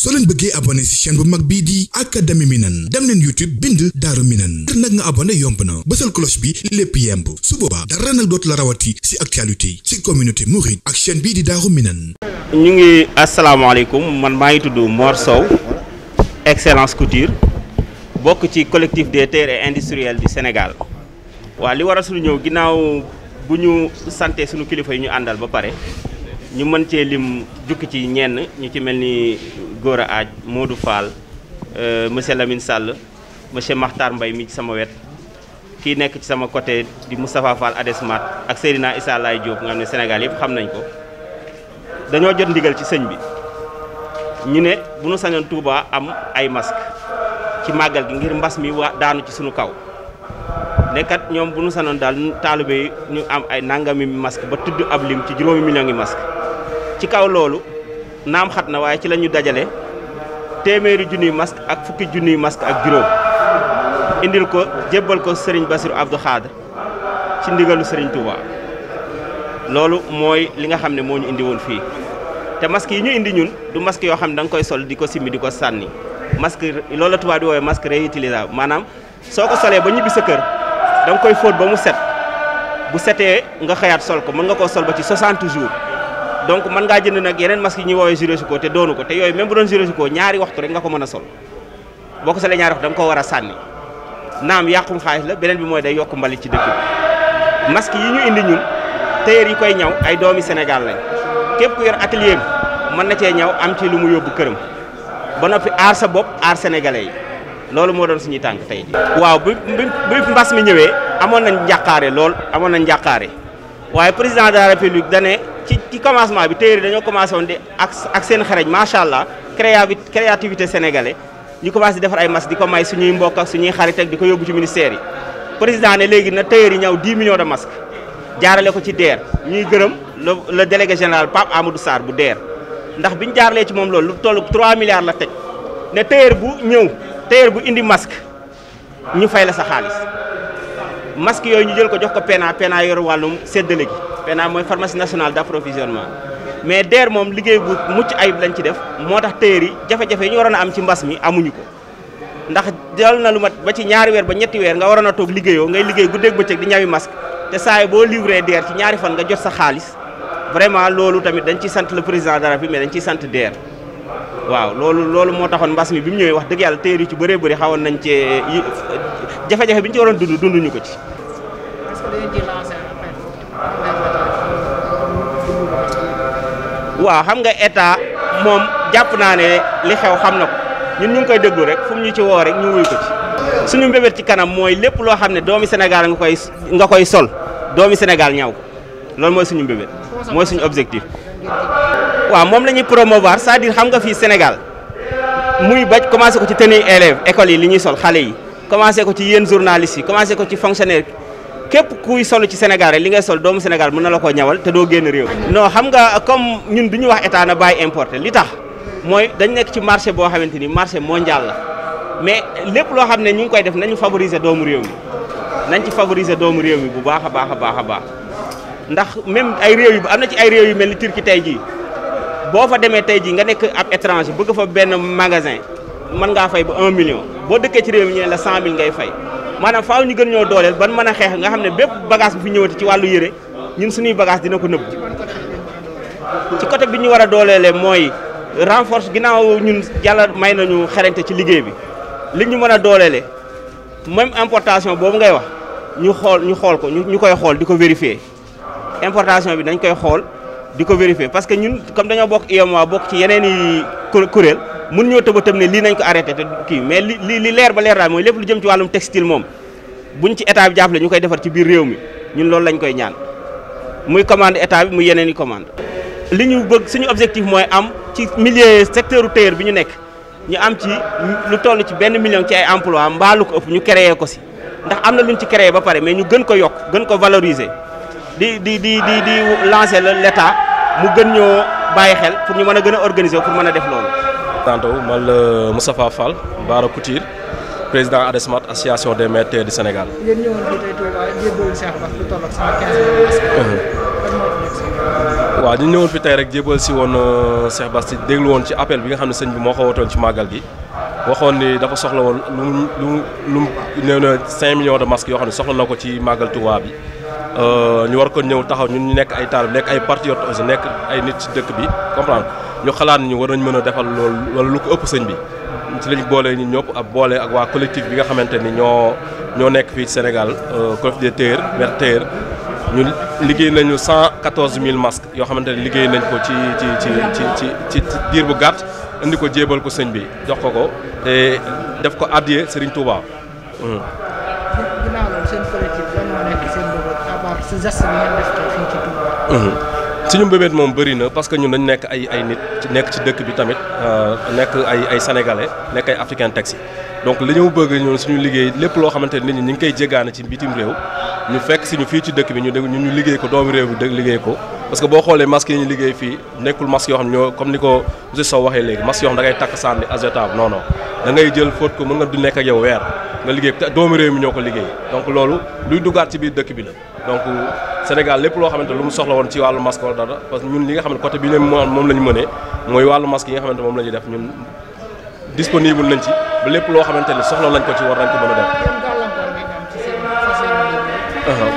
soo bëggee abonné ci chaîne bu mag bii di académie Minane dem leen YouTube bind Daaru Minane ngir nag nga abonné yomb na bësal cloche bi lépp yemb su boobaa dara nag dootu la rawati ci actualité ci communauté mouride ak chaîne bii di Daaru Minane ñu ngi asalaamaaleykum man maa ngi tudd Mor Sow excellence couture bokk ci collectif de terres et industriels du Sénégal waaw li war a ñëw ginnaaw bu ñu sante sunu kilifa yi ñu àndal ba pare ñu mën cee lim jukki ci ñenn ñu ci mel ni Gora Aaj Modou Fall euh, monsieur Lamine Sall monsieur Makhtar mbay mi ci sama wet kii nekk ci sama côté di Moustapha Fall Adesmat ak Seydina Issa jóob Diop ne senegal yëpp xam nañ ko dañoo jot ndigal ci sëñ bi ñu ne bu nu sañoon Touba am ay masque ci màggal gi ngir mbas mi waa daanu ci suñu kaw nekkat ñoom bu nu sanoon daal taalibe yi ñu am ay nangami masque ba tudd ab lim ci juróomi million yi masque ci kaw loolu naam xat na waaye ci lañu dajale téeméeri junniy masque ak fukki junniy masque ak juróom indil ko jébbal ko Serigne Bassirou Abdou Khadre ci ndigalu Serigne Touba loolu mooy li nga xam ne moo ñu indi woon fii te masque yi ñu indi ñun du masque yoo xam ne da nga koy sol di ko simmi di ko sànni masque loolu la tubaab di woowee masque réutilisable maanaam soo ko solee ba ñibbi sa kër da koy fóot ba mu set bu setee nga xëyaat sol ko mën nga koo sol ba ci 60 jour donc mën ngaa jënd nag yeneen masque yi ñuy woowee girosico te doonu ko te yooyu même bu doon girosico ñaari waxtu rek nga ko mën a sol boo ko solee ñaari waxtu da nga koo war a sànni naam yàqum xaalis la beneen bi mooy day yokk mbalit ci dëkk bi yi ñu indi ñun tailleur yi koy ñaw ay doomi Sénégal lañ képp ku yor atelier bi mën na cee ñaw am ci lu mu yóbbu këram ba noppi aar sa bopp aar sénégalais yi loolu moo doon suñuy tànk tey waaw bi bi mbas mi ñëwee amoon nañ njàqaare lool amoon nañ njàqaare waaye président de la république dane ci ci commencement bi téere dañoo commencé woon di ak ak seen xarañ macha allah créativité sénégalais ñu commencé di defar ay masques di ko may suñuy mbokk ak suñuy xarit ak di ko yóbbu ci ministère yi président ne léegi na téere yi ñëw 10 millions de masques jaarale ko ci DER ñuy gërëm le le délégué général Pape Amadou Sarr bu DER. ndax bi ñu jaaralee ci moom loolu lu toll 3 milliards la teg na téere bu ñëw téere bu indi masque ñu fay la sa xaalis. masque yooyu ñu jël ko jox ko PENA PENA yor wàllum séddale gi PENA mooy pharmacie nationale d' approvisionnement mais DER moom liggéey bu muc ayib lañ ci def moo tax téer yi jafe-jafe yi ñu waroon a am ci mbas mi amuñu ko ndax jël na lu mat ba ci ñaari weer ba ñetti weer nga waroon a toog liggéeyoo ngay liggéey guddeeg bëccëg di ñawi masque te saa yi boo livré DER ci ñaari fan nga jot sa xaalis vraiment loolu tamit dañ ci sant le président dara bi m dañ ciy sant DER waaw loolu loolu moo taxoon mbas mi bi mu ñëwee wax dëgg yàlla téer yu ci bëree bëri xawoon nañ ci jafe-jafe bi ñu ci waroon dund dunduñu ko ci. waaw xam nga état moom jàpp naa ne li xew xam na ko ñun ñu ngi koy déglu rek fu mu ñu ci woo rek ñu wuy suñu mbébét ci kanam mooy lépp loo xam ne doomi Sénégal nga koy nga koy sol doomi Sénégal ñaw ko loolu mooy suñu mbébét mooy suñu objectif waaw moom lañuy ñuy promouvoir c'est-à-dire xam nga fii Sénégal muy ba commencé ko ci tenue élève école yi li ñuy sol xale yi commencé ko ci yéen journalistes yi commencé ko ci fonctionnaire képp ku sol ci Sénégal rek li ngay sol doomu Sénégal mun na la ko ñawal te doo génn réew. non xam nga comme ñun du ñu wax état na bàyyi li tax mooy dañ nekk ci marché boo xamante ni marché mondial la mais lépp loo xam ne ñu ngi koy def nañu favoriser doomu réew mi nañ ci favoriser doomu réew mi bu baax a baax a baax a baax ndax même ay réew yu am na ci ay réew yu mel ni Turquie tey jii. boo fa demee tey jii nga nekk ab étranger bëgg fa benn magasin mën ngaa fay ba un million boo dëkkee ci réew mi ñu la cent mille ngay fay maanaam faaw ñu gën ñoo dooleel ban mën a xeex nga xam ne bépp bagage bu fi ñëwati ci wàllu yére ñun suñuy bagage dina ko nëbb ci côté bi ñu war a dooleele mooy renforce ginnaaw ñun yàlla may nañu xarañte ci liggéey bi li ñu mën a dooleele même importation boobu ngay wax ñu xool ñu xool ko ñu koy xool di ko vérifier importation bi dañ koy xool di ko vérifier parce que ñun comme dañoo bokk UEMOA bokk ci yeneen i mun ñoo tëb a tëb ne lii nañ ko arrêté te kii mais li leer ba leer daal mooy lépp lu jëm ci wàllum textile moom buñ ci état bi jàppale ñu koy defar ci biir réew mi ñun loolu lañ ko ñaan muy commande état bi muy yeneen i commande li ñu bëgg suñu objectif mooy am ci milieu secteur tailleur bi ñu nekk ñu am ci lu toll ci benn million ci ay emploi mbaa lu ko ñu créer ko si ndax am na luñ ci créer ba pare mais ñu gën ko yokk gën ko valoriser di di di mu gën ñoo bàyyi xel pour ñu mën a gën a organiser pour mën a def loolu. tantôt man la Moustapha Fall président ADESMAT association des maîtres du Sénégal. yéen uh-huh. ñu ñëwoon fi tey rek jébbal si woon euh, Cheikh Bass ci déglu woon ci appel bi nga xam ne sëñ bi moo ko wotoon ci màggal gi waxoon ni dafa soxla woon lu mu lu mu néew na 5 millions de masques yoo xam ne soxla na ko ci màggal Touba bi. Euh, ñu war ko ñëw taxaw ñun ñu nekk ay taalib nekk ay patriote aussi nekk ay nit ci dëkk bi comprendre ñu xalaat ñu war nañ mën a defal loolu wala lu ko ëpp sëñ bi ci lañ boole ñu ñëpp ak boole ak waa collectif bi nga xamante ni ñoo ñoo nekk fii Sénégal euh, collectif des tailleurs maire tailleur ñu liggéey nañu cent quatorze mille masques yoo xamante ne liggéey nañ ko ci ci ci ci ci ci diir bu gàtt indi ko jéebal ko sëñ bi jox ko ko te def ko addiyee Serigne Touba. geste geste bi ngeen def fii ci Touba. Mhm. suñu moom bëri na parce que ñun dañu nekk ay ay nit ci nekk ci dëkk bi tamit euh, nekk ay ay sénégalais nekk ay africain taxi donc li ñu bëgg ñun suñu liggéey lépp loo xamante ne nit ñi ñu ngi koy jéggaane ci bitim réew ñu fekk si ñu fii ci dëkk bi ñu ñu liggéey ko doomu réew bi liggéey ko. parce que boo xoolee masque yi ñu liggéey fii nekkul masque yoo xam ni ko monsieur Sow waxee léegi masque yoo xam da ngay takk sànni azetable non non da jël fóot ko mën nga du nekk ak weer nga liggéey doomu réew mi ñoo ko liggéey donc loolu luy dugaat ci biir dëkk bi la donc euh, Sénégal lépp loo xamante lu mu soxla woon ci wàllu masque wala dara que ñun li nga xam ne côté bi ñu moom la ñu mënee mooy wàllu masque yi la ci ba lépp loo xamante ni soxla lañ ko ci war nañ ko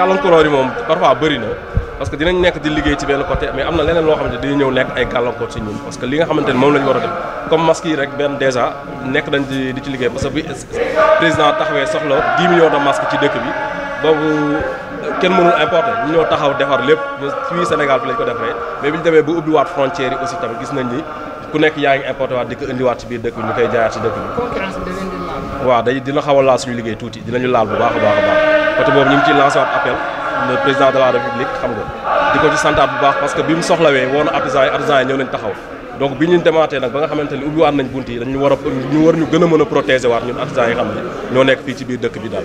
a def. Uh-huh. moom parfois na parce que nekk di liggéey ci benn côté mais am na leneen loo xamante dañuy ñëw nekk ay gàllankoor ñun que li nga xamante ni moom la ñu a comme masque yi rek benn dèjà nekk dañ di di ci liggéey parce que bi président taxawee soxla 10 millions de masques ci dëkk bi boobu kenn mënul importer ñu ñoo taxaw defar lépp fii Sénégal fi lañ ko defaree mais bi ñu demee ba ubbiwaat frontières yi aussi tamit gis nañ ni ku nekk yaa ngi importer waat di ko indiwaat ci biir dëkk bi ñu a laal suñu liggéey tuuti dinañu laal bu baax a baax a baax côté boobu ñu ngi santaat bu baax parce que bi mu soxlawee woon na artisans yi artisans yi ñëw nañ demaatee nag ba nga xamante ni ubbiwaat nañ bunt yi dañu war a ñu war ñu gën a mën a protéger waat ñun artisans yi xam ne ñoo nekk fii ci biir dëkk bi daal